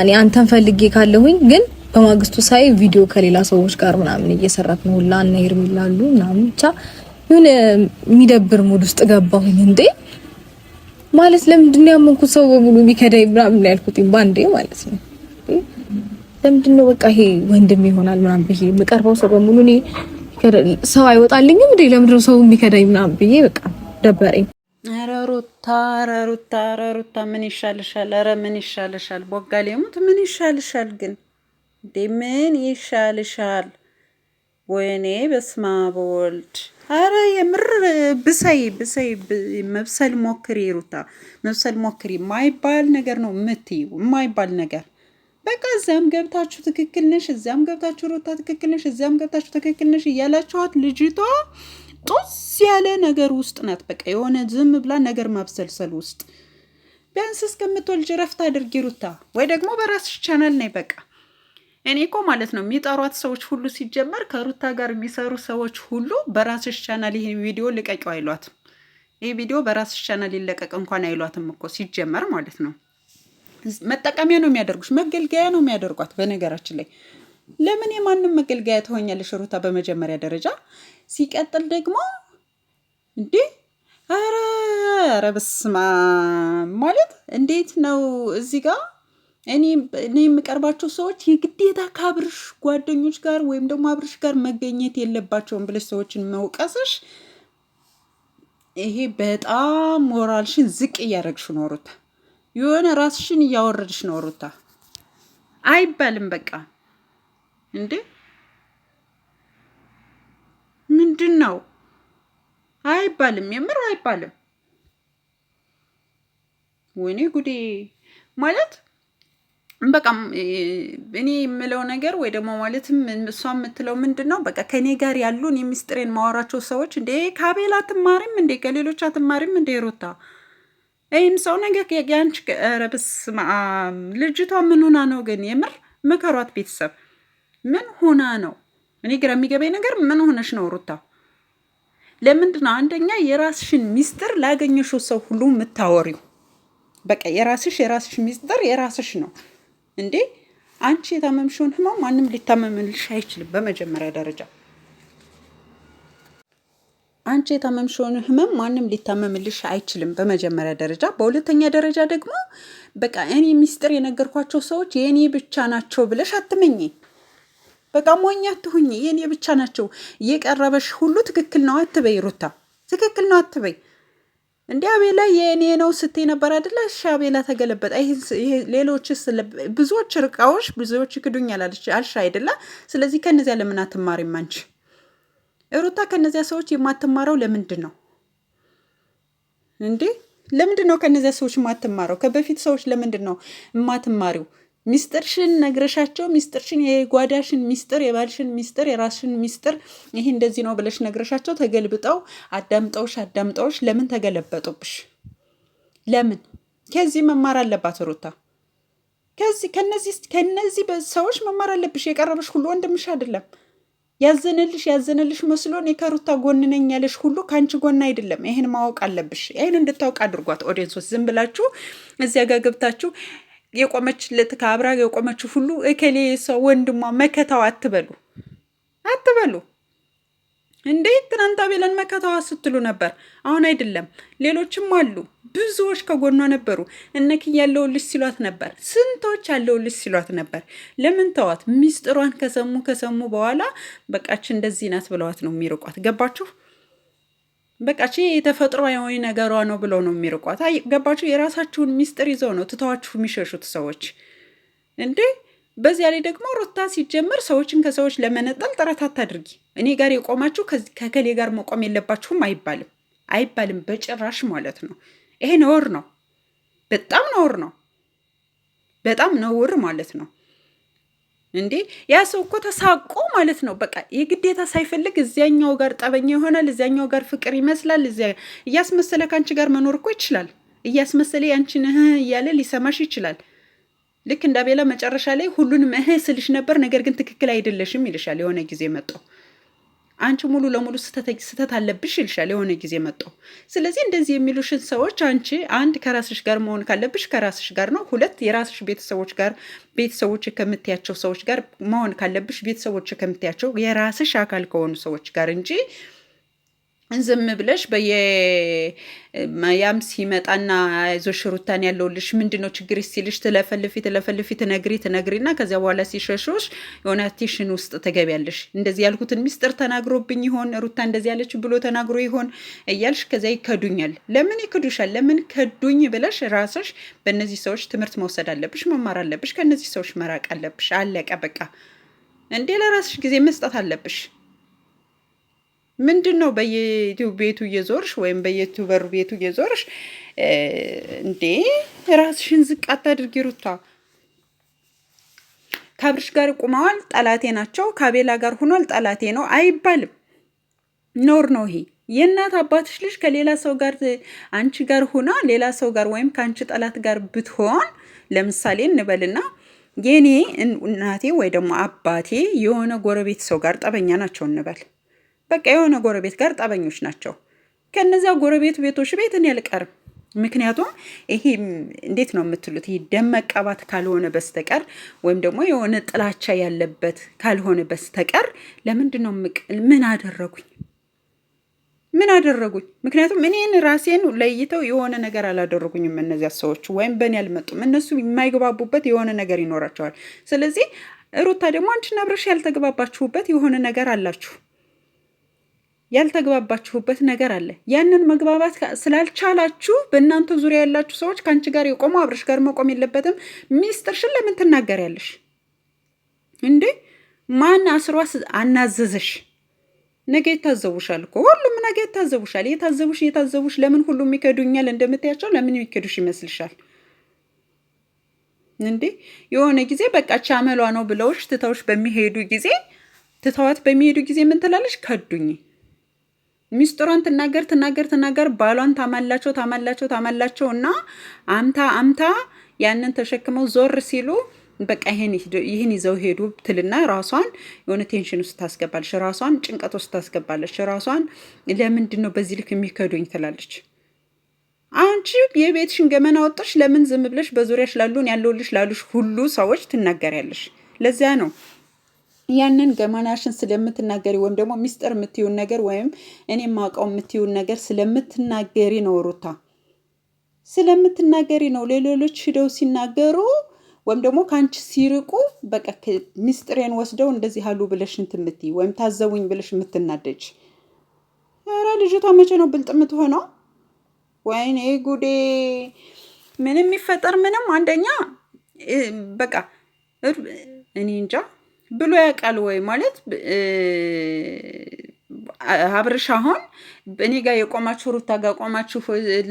እኔ አንተን ፈልጌ ካለሁኝ ግን በማግስቱ ሳይ ቪዲዮ ከሌላ ሰዎች ጋር ምናምን እየሰራት ነው ሁላ እና ይርሚላሉ ምናምን ብቻ ይሁን የሚደብር ሙድ ውስጥ ገባሁኝ። እንዴ ማለት ለምንድን ነው ያመንኩት ሰው በሙሉ የሚከዳኝ ምናምን ያልኩት ባንዴ ማለት ነው። ለምንድን ነው በቃ ይሄ ወንድም ይሆናል ምናምን ብዬ የምቀርበው ሰው በሙሉ እኔ ሰው አይወጣልኝም እንዴ? ለምንድን ነው ሰው የሚከዳኝ ምናምን ብዬ በቃ ደበረኝ። ኧረ ሩታ ኧረ ሩታ ኧረ ሩታ ምን ይሻልሻል? ኧረ ምን ይሻልሻል? ቦጋሌ ሙት ምን ይሻልሻል? ግን እንዴ ምን ይሻልሻል? ወይኔ በስመ አብ ወልድ አረ የምር ብሰይ ብሰይ መብሰል ሞክሪ ሩታ መብሰል ሞክሪ። የማይባል ነገር ነው የምትይው፣ የማይባል ነገር በቃ እዚያም ገብታችሁ ትክክል ነሽ፣ እዚያም ገብታችሁ ሩታ ትክክል ነሽ፣ እዚያም ገብታችሁ ትክክል ነሽ እያላችኋት ልጅቷ ጦስ ያለ ነገር ውስጥ ናት። በቃ የሆነ ዝም ብላ ነገር ማብሰልሰል ውስጥ ቢያንስ እስከምትወልጅ ረፍት አድርጊ ሩታ፣ ወይ ደግሞ በራስሽ ቻናል ነይ። በቃ እኔ እኮ ማለት ነው የሚጠሯት ሰዎች ሁሉ ሲጀመር ከሩታ ጋር የሚሰሩ ሰዎች ሁሉ በራስሽ ቻናል ይሄ ቪዲዮ ልቀቂው አይሏትም። ይህ ቪዲዮ በራስሽ ቻናል ይለቀቅ እንኳን አይሏትም እኮ ሲጀመር ማለት ነው። መጠቀሚያ ነው የሚያደርጉሽ፣ መገልገያ ነው የሚያደርጓት በነገራችን ላይ ለምን የማንም መገልገያ ትሆኛለሽ ሩታ? በመጀመሪያ ደረጃ ሲቀጥል ደግሞ እንዴ አረ ኧረ ማለት እንዴት ነው እዚህ ጋር እኔ የምቀርባቸው ሰዎች የግዴታ ከአብርሽ ጓደኞች ጋር ወይም ደግሞ አብርሽ ጋር መገኘት የለባቸውም ብለሽ ሰዎችን መውቀስሽ ይሄ በጣም ሞራልሽን ዝቅ እያደረግሽ ኖሩታ፣ የሆነ ራስሽን እያወረድሽ ኖሩታ አይባልም በቃ እንዴ ምንድን ነው? አይባልም፣ የምር አይባልም። ወይኔ ጉዴ ማለት በቃ እኔ የምለው ነገር ወይ ደግሞ ማለትም እሷ የምትለው ምንድን ነው? በቃ ከእኔ ጋር ያሉን የሚስጥሬን ማወራቸው ሰዎች እንዴ ከአቤል አትማሪም እንዴ? ከሌሎች አትማሪም እንዴ? ሩታ ይህም ሰው ነገር ያንቺ ረብስ ልጅቷ ምንሆና ነው ግን? የምር ምከሯት ቤተሰብ ምን ሆና ነው? እኔ ግራ የሚገባኝ ነገር ምን ሆነሽ ነው ሩታ? ለምንድን ነው አንደኛ የራስሽን ሚስጥር ላገኘሽው ሰው ሁሉ የምታወሪው? በቃ የራስሽ የራስሽ ሚስጥር የራስሽ ነው እንዴ። አንቺ የታመምሽውን ህመም ማንም ሊታመምልሽ አይችልም። በመጀመሪያ ደረጃ አንቺ የታመምሽውን ህመም ማንም ሊታመምልሽ አይችልም። በመጀመሪያ ደረጃ በሁለተኛ ደረጃ ደግሞ በቃ እኔ ሚስጥር የነገርኳቸው ሰዎች የእኔ ብቻ ናቸው ብለሽ አትመኝ። በቃ ሞኝ አትሁኝ። የኔ ብቻ ናቸው። እየቀረበሽ ሁሉ ትክክል ነው አትበይ፣ ሩታ ትክክል ነው አትበይ። እንዲ አቤላ የእኔ ነው ስትይ ነበር አይደለ? እሺ አቤላ ተገለበጠ። ሌሎች ብዙዎች ርቃዎች ብዙዎች ይክዱኛል አልሽ አይደለ? ስለዚህ ከነዚያ ለምን አትማሪም አንቺ? ሩታ ከነዚያ ሰዎች የማትማረው ለምንድን ነው እንዴ? ለምንድን ነው ከነዚያ ሰዎች የማትማረው? ከበፊት ሰዎች ለምንድን ነው የማትማሪው? ሚስጥርሽን ነግረሻቸው ሚስጥርሽን የጓዳሽን ሚስጥር የባልሽን ሚስጥር የራስሽን ሚስጥር ይሄ እንደዚህ ነው ብለሽ ነግረሻቸው ተገልብጠው አዳምጠውሽ አዳምጠውሽ ለምን ተገለበጡብሽ? ለምን? ከዚህ መማር አለባት ሩታ። ከዚህ ከነዚህ ከነዚህ ሰዎች መማር አለብሽ። የቀረበሽ ሁሉ ወንድምሽ አይደለም። ያዘነልሽ ያዘነልሽ መስሎን የከሩታ ጎን ነኝ ያለሽ ሁሉ ከአንቺ ጎን አይደለም። ይህን ማወቅ አለብሽ። ይህን እንድታውቅ አድርጓት። ኦዲየንሶች ዝም ብላችሁ እዚያ ጋር ገብታችሁ የቆመችለት ከአብራ የቆመችው ሁሉ እከሌ ሰው ወንድሟ መከታው አትበሉ አትበሉ። እንዴ ትናንት አቤልን መከታዋ ስትሉ ነበር። አሁን አይደለም። ሌሎችም አሉ። ብዙዎች ከጎኗ ነበሩ። እነክ ያለው ልጅ ሲሏት ነበር። ስንቶች ልጅ ሲሏት ነበር። ለምን ተዋት? ሚስጥሯን ከሰሙ ከሰሙ በኋላ በቃች እንደዚህ ናት ብለዋት ነው የሚርቋት። ገባችሁ? በቃ ቺ የተፈጥሯዊ ነገሯ ነው ብለው ነው የሚርቋት። አይ ገባችሁ? የራሳችሁን ሚስጥር ይዘው ነው ትተዋችሁ የሚሸሹት ሰዎች እንዴ። በዚያ ላይ ደግሞ ሩታ ሲጀመር ሰዎችን ከሰዎች ለመነጠል ጥረት አታድርጊ። እኔ ጋር የቆማችሁ ከከሌ ጋር መቆም የለባችሁም አይባልም፣ አይባልም በጭራሽ ማለት ነው። ይሄ ነውር ነው፣ በጣም ነውር ነው፣ በጣም ነውር ማለት ነው። እንዴ ያ ሰው እኮ ተሳቆ ማለት ነው። በቃ የግዴታ ሳይፈልግ እዚያኛው ጋር ጠበኛ ይሆናል፣ እዚያኛው ጋር ፍቅር ይመስላል። እዚያ እያስመሰለ ከአንቺ ጋር መኖር እኮ ይችላል። እያስመሰለ ያንቺን እህ እያለ ሊሰማሽ ይችላል። ልክ እንዳቤላ መጨረሻ ላይ ሁሉንም እህ ስልሽ ነበር ነገር ግን ትክክል አይደለሽም ይልሻል። የሆነ ጊዜ መጣው አንቺ ሙሉ ለሙሉ ስህተት አለብሽ ይልሻል የሆነ ጊዜ መጣው። ስለዚህ እንደዚህ የሚሉሽን ሰዎች አንቺ አንድ ከራስሽ ጋር መሆን ካለብሽ ከራስሽ ጋር ነው። ሁለት የራስሽ ቤተሰቦች ጋር ቤተሰቦች ከምትያቸው ሰዎች ጋር መሆን ካለብሽ ቤተሰቦች ከምትያቸው የራስሽ አካል ከሆኑ ሰዎች ጋር እንጂ ዝም ብለሽ በየማያም ሲመጣና አይዞሽ ሩታን ያለውልሽ ምንድን ነው ችግር ሲልሽ ትለፈልፊ ትለፈልፊ ትነግሪ ትነግሪና ከዚያ በኋላ ሲሸሾሽ የሆነ ቴሽን ውስጥ ትገቢያለሽ። እንደዚህ ያልኩትን ሚስጥር ተናግሮብኝ ይሆን ሩታ እንደዚህ ያለች ብሎ ተናግሮ ይሆን እያልሽ ከዚያ ይከዱኛል። ለምን ይክዱሻል? ለምን ከዱኝ ብለሽ ራስሽ በእነዚህ ሰዎች ትምህርት መውሰድ አለብሽ፣ መማር አለብሽ፣ ከእነዚህ ሰዎች መራቅ አለብሽ። አለቀ በቃ። እንዴ ለራስሽ ጊዜ መስጠት አለብሽ። ምንድን ነው በየዩቲዩብ ቤቱ እየዞርሽ ወይም በየዩቲዩበሩ ቤቱ እየዞርሽ እንዴ? ራስሽን ዝቅ አታድርጊ ሩታ። ከአብርሽ ጋር ቁመዋል፣ ጠላቴ ናቸው። ከአቤላ ጋር ሆኗል፣ ጠላቴ ነው አይባልም። ኖር ነው ይሄ። የእናት አባትሽ ልጅ ከሌላ ሰው ጋር አንቺ ጋር ሆና ሌላ ሰው ጋር ወይም ከአንቺ ጠላት ጋር ብትሆን ለምሳሌ እንበልና የኔ እናቴ ወይ ደግሞ አባቴ የሆነ ጎረቤት ሰው ጋር ጠበኛ ናቸው እንበል በቃ የሆነ ጎረቤት ጋር ጠበኞች ናቸው። ከነዚያ ጎረቤቱ ቤቶች ቤት እኔ አልቀርም። ምክንያቱም ይሄ እንዴት ነው የምትሉት? ይህ ደም መቀባት ካልሆነ በስተቀር ወይም ደግሞ የሆነ ጥላቻ ያለበት ካልሆነ በስተቀር ለምንድን ነው ምን አደረጉኝ? ምን አደረጉኝ? ምክንያቱም እኔን ራሴን ለይተው የሆነ ነገር አላደረጉኝም እነዚያ ሰዎች፣ ወይም በእኔ አልመጡም። እነሱ የማይግባቡበት የሆነ ነገር ይኖራቸዋል። ስለዚህ ሩታ ደግሞ አንቺና አብርሽ ያልተግባባችሁበት የሆነ ነገር አላችሁ። ያልተግባባችሁበት ነገር አለ። ያንን መግባባት ስላልቻላችሁ በእናንተ ዙሪያ ያላችሁ ሰዎች ከአንቺ ጋር የቆሙ አብረሽ ጋር መቆም የለበትም። ሚስጥርሽን ለምን ትናገሪያለሽ እንዴ? ማን አስሯ አናዘዘሽ? ነገ ይታዘቡሻል እኮ ሁሉም ነገ ይታዘቡሻል። የታዘቡሽ የታዘቡሽ ለምን ሁሉም ይከዱኛል እንደምታያቸው ለምን ይከዱሽ ይመስልሻል እንዴ? የሆነ ጊዜ በቃ ቻመሏ ነው ብለውሽ ትተውሽ በሚሄዱ ጊዜ ትተዋት በሚሄዱ ጊዜ ምን ትላለሽ? ከዱኝ ሚስጥሯን ትናገር ትናገር ትናገር ባሏን ታማላቸው ታማላቸው ታማላቸው እና አምታ አምታ ያንን ተሸክመው ዞር ሲሉ በቃ ይህን ይዘው ሄዱ ትልና ራሷን የሆነ ቴንሽን ውስጥ ታስገባለች። ራሷን ጭንቀት ውስጥ ታስገባለች። ራሷን ለምንድን ነው በዚህ ልክ የሚከዱኝ ትላለች። አንቺ የቤትሽን ገመና ወጥሽ ለምን ዝም ብለሽ በዙሪያሽ ላሉን ያለውልሽ ላሉሽ ሁሉ ሰዎች ትናገሪያለሽ። ለዚያ ነው ያንን ገማናሽን ስለምትናገሪ ወይም ደግሞ ሚስጥር የምትዩን ነገር ወይም እኔ ማውቀው የምትዩን ነገር ስለምትናገሪ ነው ሩታ ስለምትናገሪ ነው። ለሌሎች ሂደው ሲናገሩ ወይም ደግሞ ከአንቺ ሲርቁ በቃ ሚስጥሬን ወስደው እንደዚህ አሉ ብለሽ እንትን የምትይ ወይም ታዘቡኝ ብለሽ የምትናደጅ። ኧረ ልጅቷ መቼ ነው ብልጥ የምትሆነው? ወይኔ ጉዴ! ምንም የሚፈጠር ምንም አንደኛ በቃ እኔ እንጃ ብሎ ያውቃል ወይ ማለት አብርሽ አሁን እኔ ጋር የቆማችሁ ሩታ ጋር ቆማችሁ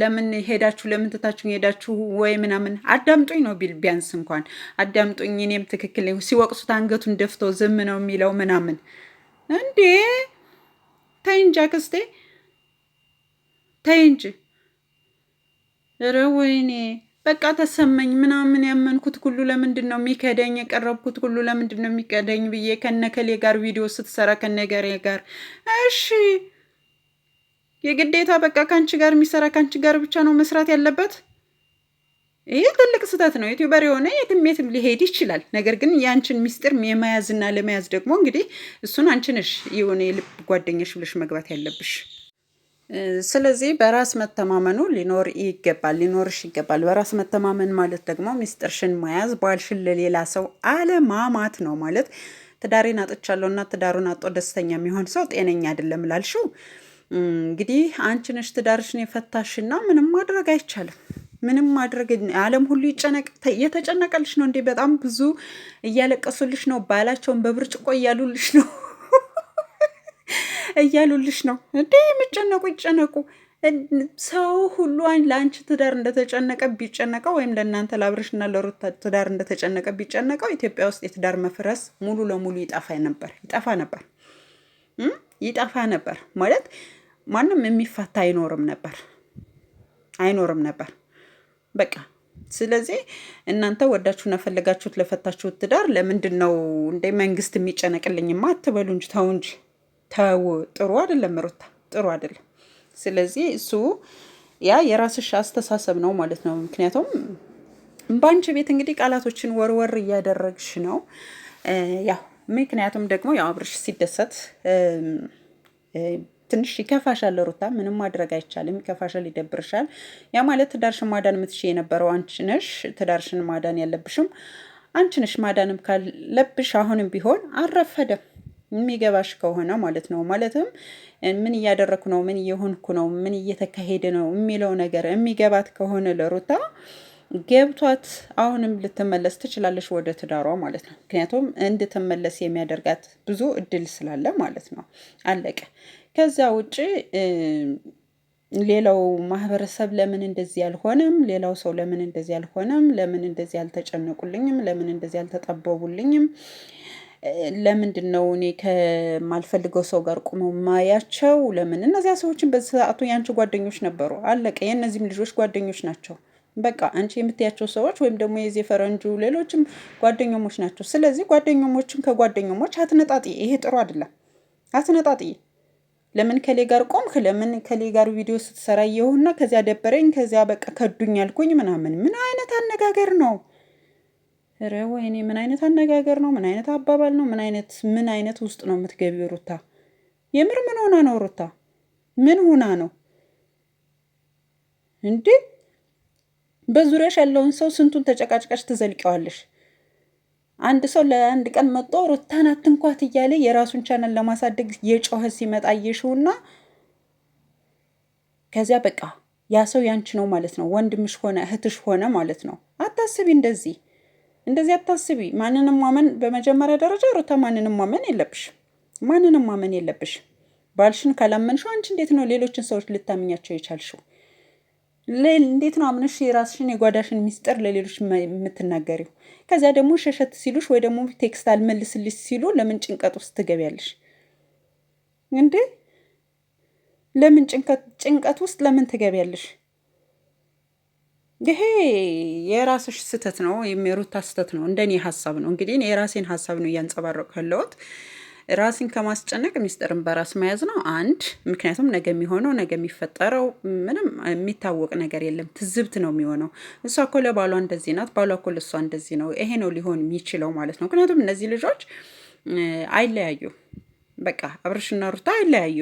ለምን ሄዳችሁ ለምን ትታችሁ ሄዳችሁ ወይ ምናምን አዳምጡኝ ነው ቢል ቢያንስ እንኳን አዳምጡኝ፣ እኔም ትክክል ሲወቅሱት አንገቱን ደፍቶ ዝም ነው የሚለው ምናምን። እንዴ ተይ እንጂ አክስቴ ተይ እንጂ ኧረ ወይኔ በቃ ተሰመኝ ምናምን ያመንኩት ሁሉ ለምንድን ነው የሚከደኝ? የቀረብኩት ሁሉ ለምንድን ነው የሚከደኝ ብዬ ከነከሌ ጋር ቪዲዮ ስትሰራ ከነገሬ ጋር እሺ፣ የግዴታ በቃ ከአንቺ ጋር የሚሰራ ከአንቺ ጋር ብቻ ነው መስራት ያለበት። ይህ ትልቅ ስህተት ነው። ዩቲዩበር የሆነ የትም የትም ሊሄድ ይችላል። ነገር ግን የአንችን ሚስጢር የመያዝና ለመያዝ ደግሞ እንግዲህ እሱን አንችንሽ የሆነ የልብ ጓደኛሽ ብለሽ መግባት ያለብሽ። ስለዚህ በራስ መተማመኑ ሊኖር ይገባል፣ ሊኖርሽ ይገባል። በራስ መተማመን ማለት ደግሞ ሚስጥርሽን መያዝ፣ ባልሽን ለሌላ ሰው አለማማት ነው ማለት ትዳሬን አጥቻለሁ እና ትዳሩን አጦ ደስተኛ የሚሆን ሰው ጤነኛ አይደለም ላልሽው እንግዲህ አንቺ ነሽ ትዳርሽን የፈታሽና ምንም ማድረግ አይቻልም። ምንም ማድረግ ዓለም ሁሉ ይጨነቅ እየተጨነቀልሽ ነው እንዴ? በጣም ብዙ እያለቀሱልሽ ነው። ባላቸውን በብርጭቆ እያሉልሽ ነው። እያሉልሽ ነው እንዴ? የሚጨነቁ ይጨነቁ። ሰው ሁሉ ለአንቺ ትዳር እንደተጨነቀ ቢጨነቀው ወይም ለእናንተ ለአብርሽና ለሩታ ትዳር እንደተጨነቀ ቢጨነቀው ኢትዮጵያ ውስጥ የትዳር መፍረስ ሙሉ ለሙሉ ይጠፋ ነበር፣ ይጠፋ ነበር፣ ይጠፋ ነበር ማለት ማንም የሚፋታ አይኖርም ነበር፣ አይኖርም ነበር በቃ። ስለዚህ እናንተ ወዳችሁ ነፈለጋችሁት ለፈታችሁት ትዳር ለምንድን ነው እንደ መንግስት የሚጨነቅልኝማ አትበሉ እንጂ ተው እንጂ። ተው፣ ጥሩ አይደለም ሩታ፣ ጥሩ አይደለም። ስለዚህ እሱ ያ የራስሽ አስተሳሰብ ነው ማለት ነው። ምክንያቱም በአንቺ ቤት እንግዲህ ቃላቶችን ወርወር እያደረግሽ ነው። ያው ምክንያቱም ደግሞ ያው አብርሽ ሲደሰት ትንሽ ይከፋሻል ሩታ፣ ምንም ማድረግ አይቻልም። ይከፋሻል፣ ይደብርሻል። ያ ማለት ትዳርሽን ማዳን የምትሽ የነበረው አንቺ ነሽ። ትዳርሽን ማዳን ያለብሽም አንቺ ነሽ። ማዳንም ካለብሽ አሁንም ቢሆን አልረፈደም። የሚገባሽ ከሆነ ማለት ነው። ማለትም ምን እያደረግኩ ነው፣ ምን እየሆንኩ ነው፣ ምን እየተካሄደ ነው የሚለው ነገር የሚገባት ከሆነ ለሩታ ገብቷት አሁንም ልትመለስ ትችላለች ወደ ትዳሯ ማለት ነው። ምክንያቱም እንድትመለስ የሚያደርጋት ብዙ እድል ስላለ ማለት ነው። አለቀ። ከዚያ ውጭ ሌላው ማህበረሰብ ለምን እንደዚህ አልሆነም፣ ሌላው ሰው ለምን እንደዚህ አልሆነም፣ ለምን እንደዚህ አልተጨነቁልኝም፣ ለምን እንደዚህ አልተጠበቡልኝም ለምንድን ነው እኔ ከማልፈልገው ሰው ጋር ቁመው ማያቸው? ለምን እነዚያ ሰዎችን በሰዓቱ የአንቺ ጓደኞች ነበሩ። አለቀ። የእነዚህም ልጆች ጓደኞች ናቸው። በቃ አንቺ የምትያቸው ሰዎች ወይም ደግሞ የዚህ ፈረንጁ ሌሎችም ጓደኞሞች ናቸው። ስለዚህ ጓደኞሞችን ከጓደኞሞች አትነጣጥ። ይሄ ጥሩ አይደለም። አትነጣጥ። ለምን ከሌ ጋር ቆምክ? ለምን ከሌ ጋር ቪዲዮ ስትሰራ የሆና ከዚያ ደበረኝ፣ ከዚያ በቃ ከዱኝ አልኩኝ ምናምን። ምን አይነት አነጋገር ነው? ኧረ ወይኔ ምን አይነት አነጋገር ነው? ምን አይነት አባባል ነው? ምን አይነት ምን አይነት ውስጥ ነው የምትገቢው ሩታ? የምር ምን ሆና ነው ሩታ? ምን ሆና ነው እንዴ? በዙሪያሽ ያለውን ሰው ስንቱን ተጨቃጭቀሽ ትዘልቀዋለሽ? አንድ ሰው ለአንድ ቀን መጦ ሩታን አትንኳት እያለ የራሱን ቻናል ለማሳደግ የጮኸ ሲመጣ የሽውና ከዚያ በቃ ያ ሰው ያንቺ ነው ማለት ነው። ወንድምሽ ሆነ እህትሽ ሆነ ማለት ነው። አታስቢ እንደዚህ እንደዚህ አታስቢ። ማንንም ማመን በመጀመሪያ ደረጃ ሩታ ማንንም ማመን የለብሽ። ማንንም ማመን የለብሽ። ባልሽን ካላመንሽው አንቺ እንዴት ነው ሌሎችን ሰዎች ልታምኛቸው የቻልሽው? እንዴት ነው አምነሽ የራስሽን የጓዳሽን ሚስጥር ለሌሎች የምትናገሪው? ከዚያ ደግሞ ሸሸት ሲሉሽ ወይ ደግሞ ቴክስት አልመልስልሽ ሲሉ ለምን ጭንቀት ውስጥ ትገቢያለሽ እንዴ? ለምን ጭንቀት ውስጥ ለምን ትገቢያለሽ? ይሄ የራስሽ ስህተት ነው ወይም የሩታ ስህተት ነው፣ እንደኔ ሀሳብ ነው። እንግዲህ እኔ የራሴን ሀሳብ ነው እያንጸባረቅ ያለሁት። ራሴን ከማስጨነቅ ሚስጥርን በራስ መያዝ ነው አንድ። ምክንያቱም ነገ የሚሆነው ነገ የሚፈጠረው ምንም የሚታወቅ ነገር የለም፣ ትዝብት ነው የሚሆነው። እሷ እኮ ለባሏ እንደዚህ ናት፣ ባሏ እኮ ለእሷ እንደዚህ ነው። ይሄ ነው ሊሆን የሚችለው ማለት ነው። ምክንያቱም እነዚህ ልጆች አይለያዩ፣ በቃ አብርሽና ሩታ አይለያዩ።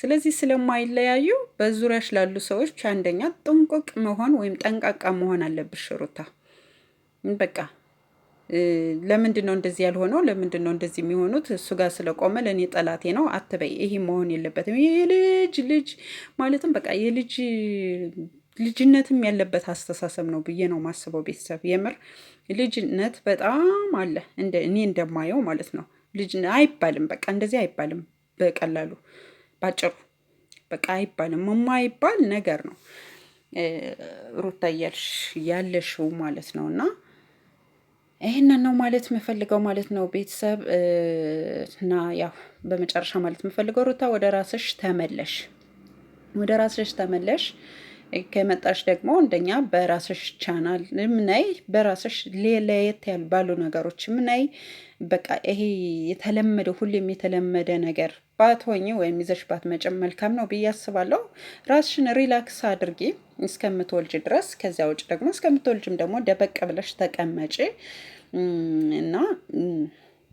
ስለዚህ ስለማይለያዩ በዙሪያሽ ላሉ ሰዎች አንደኛ ጥንቁቅ መሆን ወይም ጠንቃቃ መሆን አለብሽ ሩታ። በቃ ለምንድን ነው እንደዚህ ያልሆነው? ለምንድን ነው እንደዚህ የሚሆኑት? እሱ ጋር ስለቆመ ለእኔ ጠላቴ ነው አትበይ። ይሄ መሆን የለበትም። የልጅ ልጅ ማለትም በቃ የልጅ ልጅነትም ያለበት አስተሳሰብ ነው ብዬ ነው ማስበው። ቤተሰብ የምር ልጅነት በጣም አለ፣ እኔ እንደማየው ማለት ነው። ልጅ አይባልም፣ በቃ እንደዚህ አይባልም በቀላሉ ባጭሩ በቃ አይባልም። የማይባል ነገር ነው ሩታ እያልሽ ያለሽው ማለት ነው። እና ይህንን ነው ማለት የምፈልገው ማለት ነው ቤተሰብ እና ያው በመጨረሻ ማለት የምፈልገው ሩታ ወደ ራስሽ ተመለሽ፣ ወደ ራስሽ ተመለሽ። ከመጣሽ ደግሞ እንደኛ በራስሽ ቻናል ምናይ በራስሽ ለየት ያሉ ባሉ ነገሮች ምናይ በቃ ይሄ የተለመደ ሁሌም የተለመደ ነገር ባትሆኝ ወይም ይዘሽ ባትመጪ መልካም ነው ብዬ አስባለሁ። ራስሽን ሪላክስ አድርጊ እስከምትወልጅ ድረስ። ከዚያ ውጭ ደግሞ እስከምትወልጅም ደግሞ ደበቅ ብለሽ ተቀመጪ እና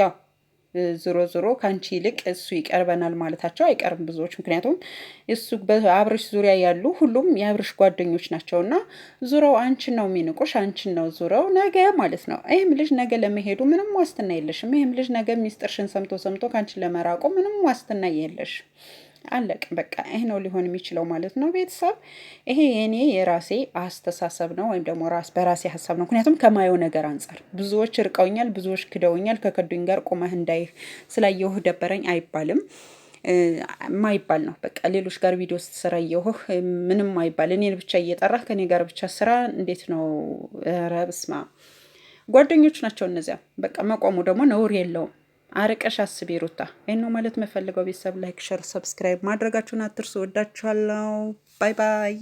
ያው ዞሮ ዞሮ ከአንቺ ይልቅ እሱ ይቀርበናል ማለታቸው አይቀርም ብዙዎች። ምክንያቱም እሱ በአብርሽ ዙሪያ ያሉ ሁሉም የአብርሽ ጓደኞች ናቸው እና ዙረው አንቺን ነው የሚንቁሽ፣ አንቺን ነው ዙረው ነገ ማለት ነው። ይህም ልጅ ነገ ለመሄዱ ምንም ዋስትና የለሽም። ይህም ልጅ ነገ ሚስጥርሽን ሰምቶ ሰምቶ ከአንቺን ለመራቁ ምንም ዋስትና የለሽ አለቅ በቃ ይሄ ነው ሊሆን የሚችለው ማለት ነው። ቤተሰብ ይሄ የኔ የራሴ አስተሳሰብ ነው፣ ወይም ደግሞ በራሴ ሀሳብ ነው። ምክንያቱም ከማየው ነገር አንጻር ብዙዎች እርቀውኛል ብዙዎች ክደውኛል። ከከዱኝ ጋር ቁመህ እንዳይህ ስላየሁህ ደበረኝ አይባልም ማይባል ነው። በቃ ሌሎች ጋር ቪዲዮ ስትሰራ እየሆህ ምንም ማይባል እኔን ብቻ እየጠራህ ከኔ ጋር ብቻ ስራ እንዴት ነው? ረብስማ ጓደኞች ናቸው እነዚያ። በቃ መቆሙ ደግሞ ነውር የለውም። አርቀሽ አስቢ ሩታ። ይህን ነው ማለት የምፈልገው። ቤተሰብ ላይክ፣ ሸር፣ ሰብስክራይብ ማድረጋችሁን አትርሱ። ወዳችኋለው። ባይ ባይ።